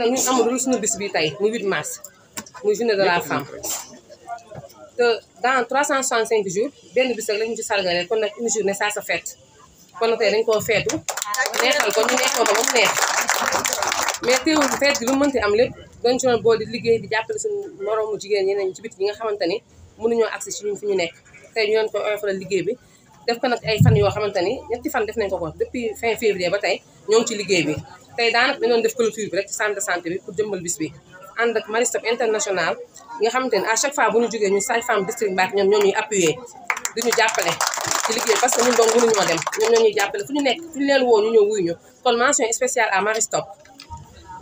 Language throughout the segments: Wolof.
nag ñun amul lu suñu bis bi tey muy 8 mars muy journée de la femme te cent cinq jours benn bis la lañu ci sargalee kon nag une journée ça se kon nag tey dañ koo feetu neexal ko ñu neexoo ko mu neex mais teewul feet bi lu mënti am lépp dañ ci doon di liggéey di jàppale suñu moroomu jigéen ñeneen ci bit bi nga xamante ni mënuñoo agsi ci ñun fi ñu nekk tey ñu doon koy oyofalal liggéey bi def ko nag ay fan yoo xamante ni ñetti fan def nañ ko ko depuis fin février ba tey ñoo ngi ci liggéey bi tey daanaka dañ doon def clôture bi rek ci centre de santé bi pour jëmbal bis bi Marie Stopes international nga xamante ni à chaque fois bu ñu jógee ñu sage-femme district Mbacké ñoom ñoo ñuy appuyer di ñu jàppale ci liggéey parce que ñun doon mënuñoo dem ñoom ñoo ñuy jàppale fu ñu nekk fu ñu leen woo ñu ñëw wuyu ñu kon mention spéciale à Marie Stopes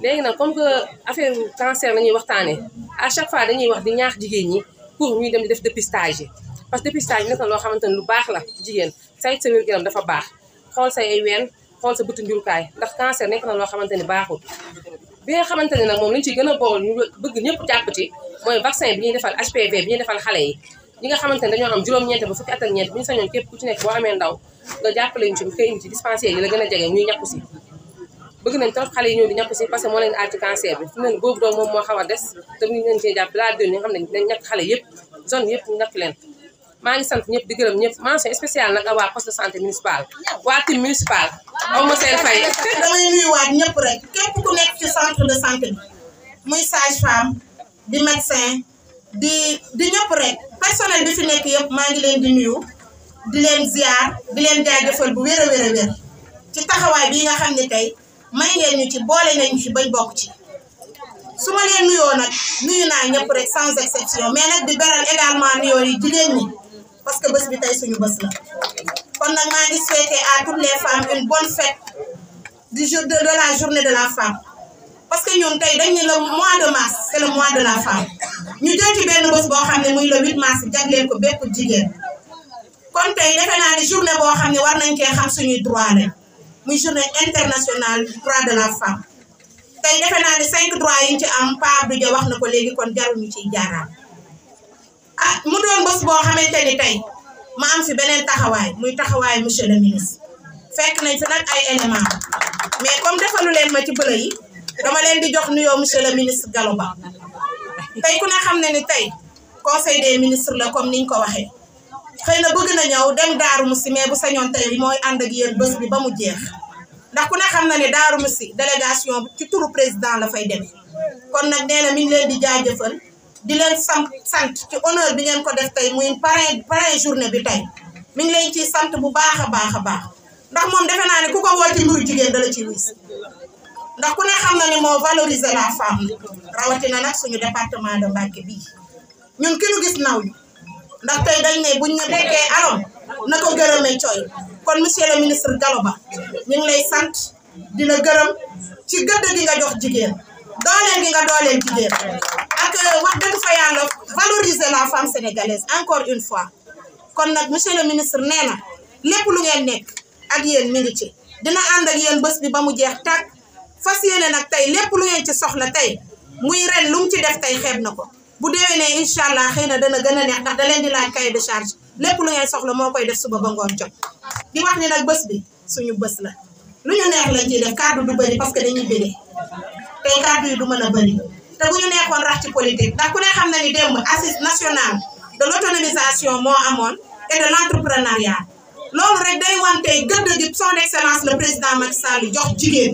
léegi nag comme que affaire cancer la ñuy waxtaanee à chaque fois dañuy wax di ñaax jigéen ñi pour ñuy dem di def dépistage yi parce que dépistage nekk na loo xamante ni lu baax la jigéen saytu sa wér-gu-yaram dafa baax xool say ay ween xool sa bëtu njurukaay ndax cancer nekk na loo xamante ni baaxul bi na xamante ne moom lañu ciy gën a bool ñu bëgg ñëpp jàpp ci mooy vaccin bi ñuy defal HPV bi ñuy defal xale yi ñi nga xamante ne dañoo am juróom-ñeent ba fukki at ak ñeent bu ñu sañoon képp ku ci nekk yi la gën a jege ñuy ñàkku si bëgg nañ trop xale yi ñëw di ñàkku si parce que moo leen aar ci cancer bi fu leen boobu doom moom moo xaw a des te ñu nga xam xale yëpp zone maa ngi sant ñëpp di gërëm ñëpp mention spéciale nag waa poste de santé municipal waa team municipal aw ma seen fay damay nuyuwaat ñëpp rek képp ku nekk ci centre de santé bi muy sage-femme di médecin di di ñëpp rek personnel bi fi nekk yëpp maa ngi leen di nuyu di leen ziar di leen jaajëfal bu wér a wér a wér ci taxawaay bii nga xam ne tey may ngeen ñu ci boole nañu ci bañ bokk ci su ma leen nuyoo nag nuyu naa ñëpp rek sans exception mais nag di beral également nuyoo yi jigéen ñi parce que bés bi tey suñu bés la kon nag maa ngi souhaiter à toutes les femmes une bonne fête du jour de de la journée de la femme parce que ñun tey dañ ne le mois de mars c'est le mois de la femme ñu jël ci benn bés boo xam ne muy le 8 mars jagleel ko bépp jigéen kon tey defe naa ne journée boo xam ne war nañ cee xam suñuy droit rek muy journée internationale droit de la femme tey defe naa ne cinq droits yi ñu ci am Pa Abdou Dia wax na ko léegi kon jarul ñu ciy jaaraat. ah mu doon bés boo xamante ni tey ma am si beneen taxawaay muy taxawaay monsieur le ministre fekk nañ fi nag ay éléments mais comme defalu leen ma ci bële yi dama leen di jox nuyoo monsieur le ministre Gallo Ba tey ku ne xam ne ni tey conseil des ministres la comme niñ ko waxee xëy na bëgg na ñëw dem Daaru Musi mais bu sañoon tey mooy ànd ak yéen bés bi ba mu jeex ndax ku ne xam na ni Daaru Musi délégation ci turu président la fay demee kon nag nee na mi di jaajëfal. di leen sant sant ci honneur bi ngeen ko def tey muy parrain parrain journée bi tey mi ngi leen sant bu baax a baax a baax ndax moom defe naa ne ku ko woo ci jigéen dala ci wis ndax ku ne xam na ne moo valoriser la femme rawatina nag suñu département de Mbacké bii ñun ki ñu gis naw ñu ndax tey dañ ne buñ ne nekkee alom na ko gërëmee cooy kon monsieur le ministre Gallo Ba ñu lay sant di la gërëm ci gëdd gi nga jox jigéen dooleel gi nga dooleel jigéen ak wax dëgg fa yàlla valoriser la femme sénégalaise encore une fois kon nag monsieur le ministre nee na lépp lu ngeen nekk ak yéen mi ngi ci dina ànd ak yéen bés bi ba mu jeex tàkk fas yéene nag tey lépp lu ngeen ci soxla tey muy ren lu mu ci def tey xeeb na ko bu déwénee incha allah xëy na dana gën a neex ndax da di laaj kay de charge lépp lu ngeen soxla moo koy def suba ba ngoon jot di wax ni nag bés bi suñu bés la lu ñu neex lañ ciy def kàddu du bëri parce que dañuy bëri tey kàddu yi du mën a bëri te bu ñu nekkoon ci politique ndax ku ne xam na ni démb assise nationale de l' autonomisation moo amoon et de l' entrepreneuriat loolu rek day wan tey gëdd gi son excellence le président Macky Sall jox jigéen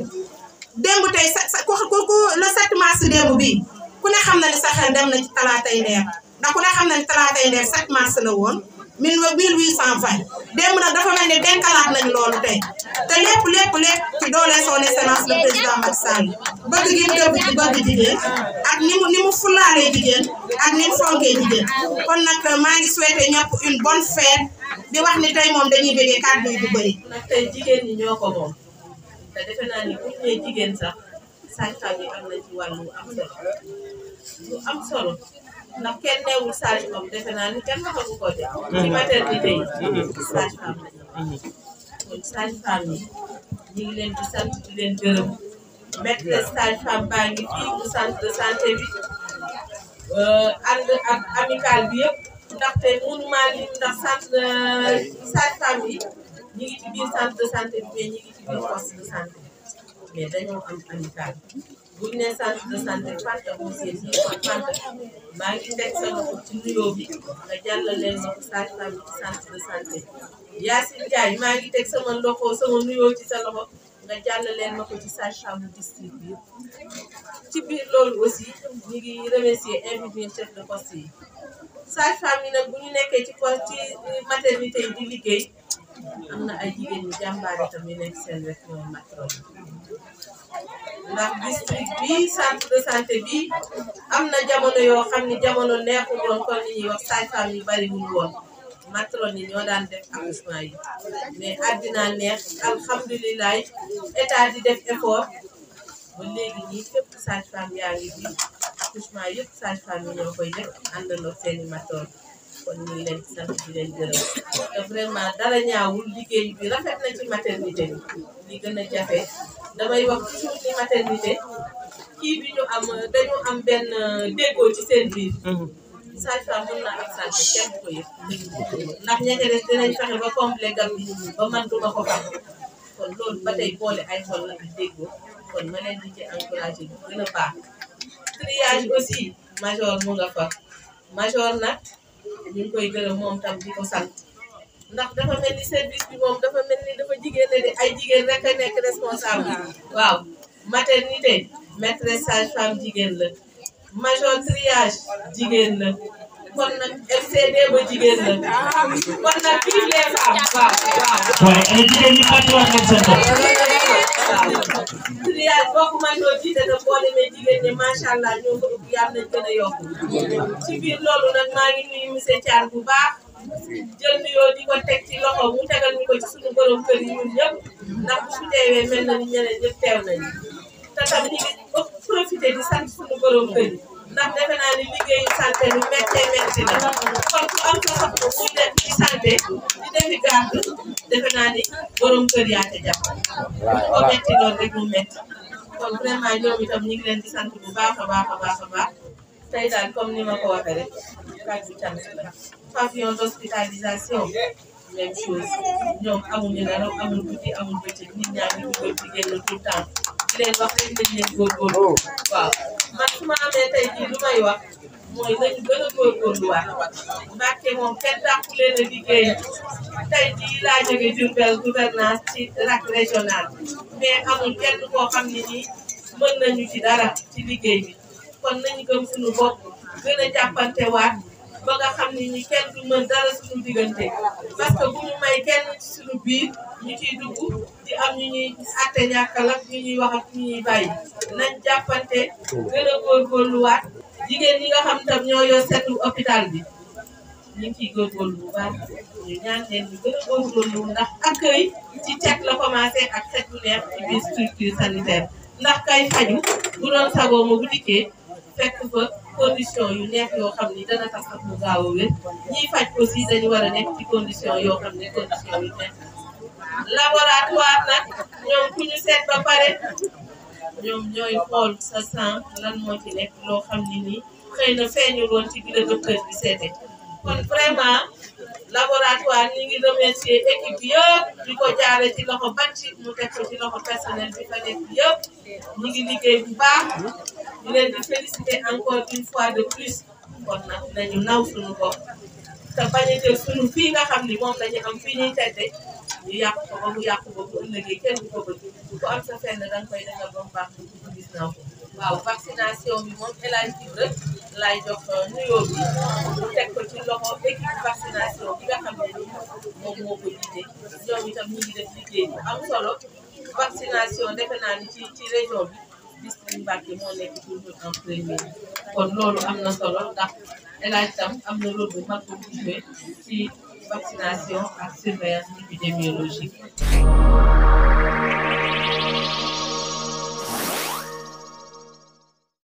démb tey sa ku ku le 7 mars démb bii ku ne xam na ni sa dem na ci talaatay ndeer ndax ku ne xam na ni talaatay ndeer 7 mars la woon mille mille huit cent vingt démb nag dafa mel ni denkalaat nañ loolu tey te lépp lépp lépp ci doole son excellence le président ba Sall bëgg gi dëgg ci bëgg jigéen ak ni mu ni mu fulaalee jigéen ak ni mu fonkee jigéen kon nag euh, maa ngi souhaité ñëpp une bonne fête di wax ni tey moom dañuy bëggee kàddu yi bu bëri. ndax tey jigéen ñi ñoo ko moom te defe naa ni bu ñu nee jigéen sax sànqal lu am solo. ndax kenn neewul sage femme defe naa ni kenn waxagu ko de. Mhm. ci maternité yi. sage femme lañu. kon sage femme yi ñu ngi leen di sant di leen gërëm. maîtresse sage femme baa ngi fii bu centre de santé bi. Euh, ànd ak amical bi yëpp. ndaxte mënuma lim ndax centre sage femme yi ñu ngi ci biir centre de santé bi mais ñu ngi ci biir poste de santé mais dañoo am amical. buñ ne centre de santé sa loxo ci nuyoo bi nga jàllaleen ma ko sage-femme ci maa ngi teg sama loxo sa loxo nga jàllaleen ma ko ci sage-femme district biir loolu aussi ñu ngi remercier infirmier chef de poste bu ñu nekkee ci poste ci maternité yi di liggéey am na ay jigéen ñi jàmbaar itam yu nekk seen wet ñoom matron ndax district bi centre de santé bi am na jamono yoo xam ne jamono neexu woon kon li ñuy wax sage-femme yi bariwul woon matrone yi ñoo daan def accouchement yi mais àddina neex alhamdulilah état di def effort ba léegi nii képp sage-femme yaa ngi bi accouchement yëpp sage-femme yi ñoo koy def àndandoo seeni matrone kon ñu leen di sant leen gërëm te vraiment liggéey bi rafet na ci maternité bi li a jafe damay wax toujours ni maternité kii bi ñu am dañu am benn euh, déggoo ci seen biir. Mhm. sage-femme mën naa absente kenn ko yëg ndax ñetti des dinañ fexe ba complet gam ba man duma ko fam kon loolu ba tey boole ay xol la ak kon ma di ci encouragé bu gën a baax triage aussi major mu nga fa nag ñu ngi koy gërëm moom tam di ko sant ndax dafa mel ni service bi moom dafa mel ni dafa jigéen ne ay jigéen rek a nekk responsable waaw maternité maîtresse sage-femme jigéen la major triage jigéen la kon nag LCD ba jigéen la kon nag vive les femmes waaw waaw. waaye ay jigéen ñi fàttewaat nañ seen bopp. waaw yàlla bokk man doo jiite nag boo demee jigéen ñi macha allah ñoo ko ëpp yàlla nañ gën a yokk ci biir loolu nag maa ngi nuyu monsieur Thiar bu baax jël nuyoo di ko teg ci loxo mu tegal ñu ko ci suñu borom kër yi ñun ñëpp ndax bu su teewee mel na ni ñeneen ñëpp teew nañu te tam ñu ngi profité di sant suñu borom kër yi. ndax defe naa ni liggéeyu santé lu méttee métti la kon santé di defi ni borom kër yaa ca doon rek mu métti kon vraiment ñoom itam di sant bu baax a baax a baax daal comme ni ma ko waxee rek kàddu cant la pavillon d'hospitalisation même chose ñoom amuñu dara amul guddi amul bëccëg nit ñaa ngi dugal ci génn tout le temps di leen wax rek man su ma amee tey jii lu may wax mooy nañu gën a góorgóorluwaat Mbàkke moom kenn dàqu leen a liggéey tey jii laa jóge Diourbel ci RAC régional mais amul kenn koo xam ne nii mën nañu ci dara ci liggéey bi kon nañ gëm suñu bopp gën a jàppante waat ba nga xam ni ñi kenn du mën dara suñu diggante parce que bu ñu may kenn ci suñu biir ñu ciy dugg di am ñu ñuy àtte ñàkkal ak ñu ñuy wax ak ñu ñuy bàyyi nañ jàppante gën a góorgóorluwaat jigéen ñi nga xam tam ñoo yor seetu hôpital bi ñu ngi ciy góorgóorlu bu baax ñu ñaan leen ñu gën a góorgóorlu ndax accueil ci cet la commencé ak cet bu neex ci biir structure sanitaire ndax kay faju bu doon sagoo ma bu dikkee fekk fa condition yu neex yoo xam ni dana tax sax mu gaaw a wér ñiy faj aussi dañu war a nekk ci condition yoo xam ne condition yu neex laboratoire nag ñoom ku ñu seet ba pare ñoom ñooy xool sa sang lan moo ci nekk loo xam ni nii xëy na feeñul woon ci bi la bi seete kon vraiment laboratoire ñu ngi remercier équipe bi yëpp di ko jaare ci loxo bàcci mu teg ko loxo personnel bi fa yëpp ñu ngi liggéey bu baax ñu leen di féliciter encore une fois de plus kon nag nañu naw suñu bopp te bañ a jël suñu nga xam ni moom la ñu am fii ñuy tedde ñu yàq ko ba mu yàq ko bu ëllëgee kenn du ko bëgg ku am sa fenn danga koy defal ba mu baax lu ko waaw vaccination bi moom El Hadj Dibra jox euh, nuyoo bi mu teg ko ci loxo équipe vaccination bi nga xam ne moom moo ko jiite ñoom itam ñu ngi def am solo vaccination defe naa ci ci bi district Mbacké moo nekk toujours en kon loolu am na solo ndax El tam am na rôle bu mag bu ci vaccination par surveillance épidémiologique.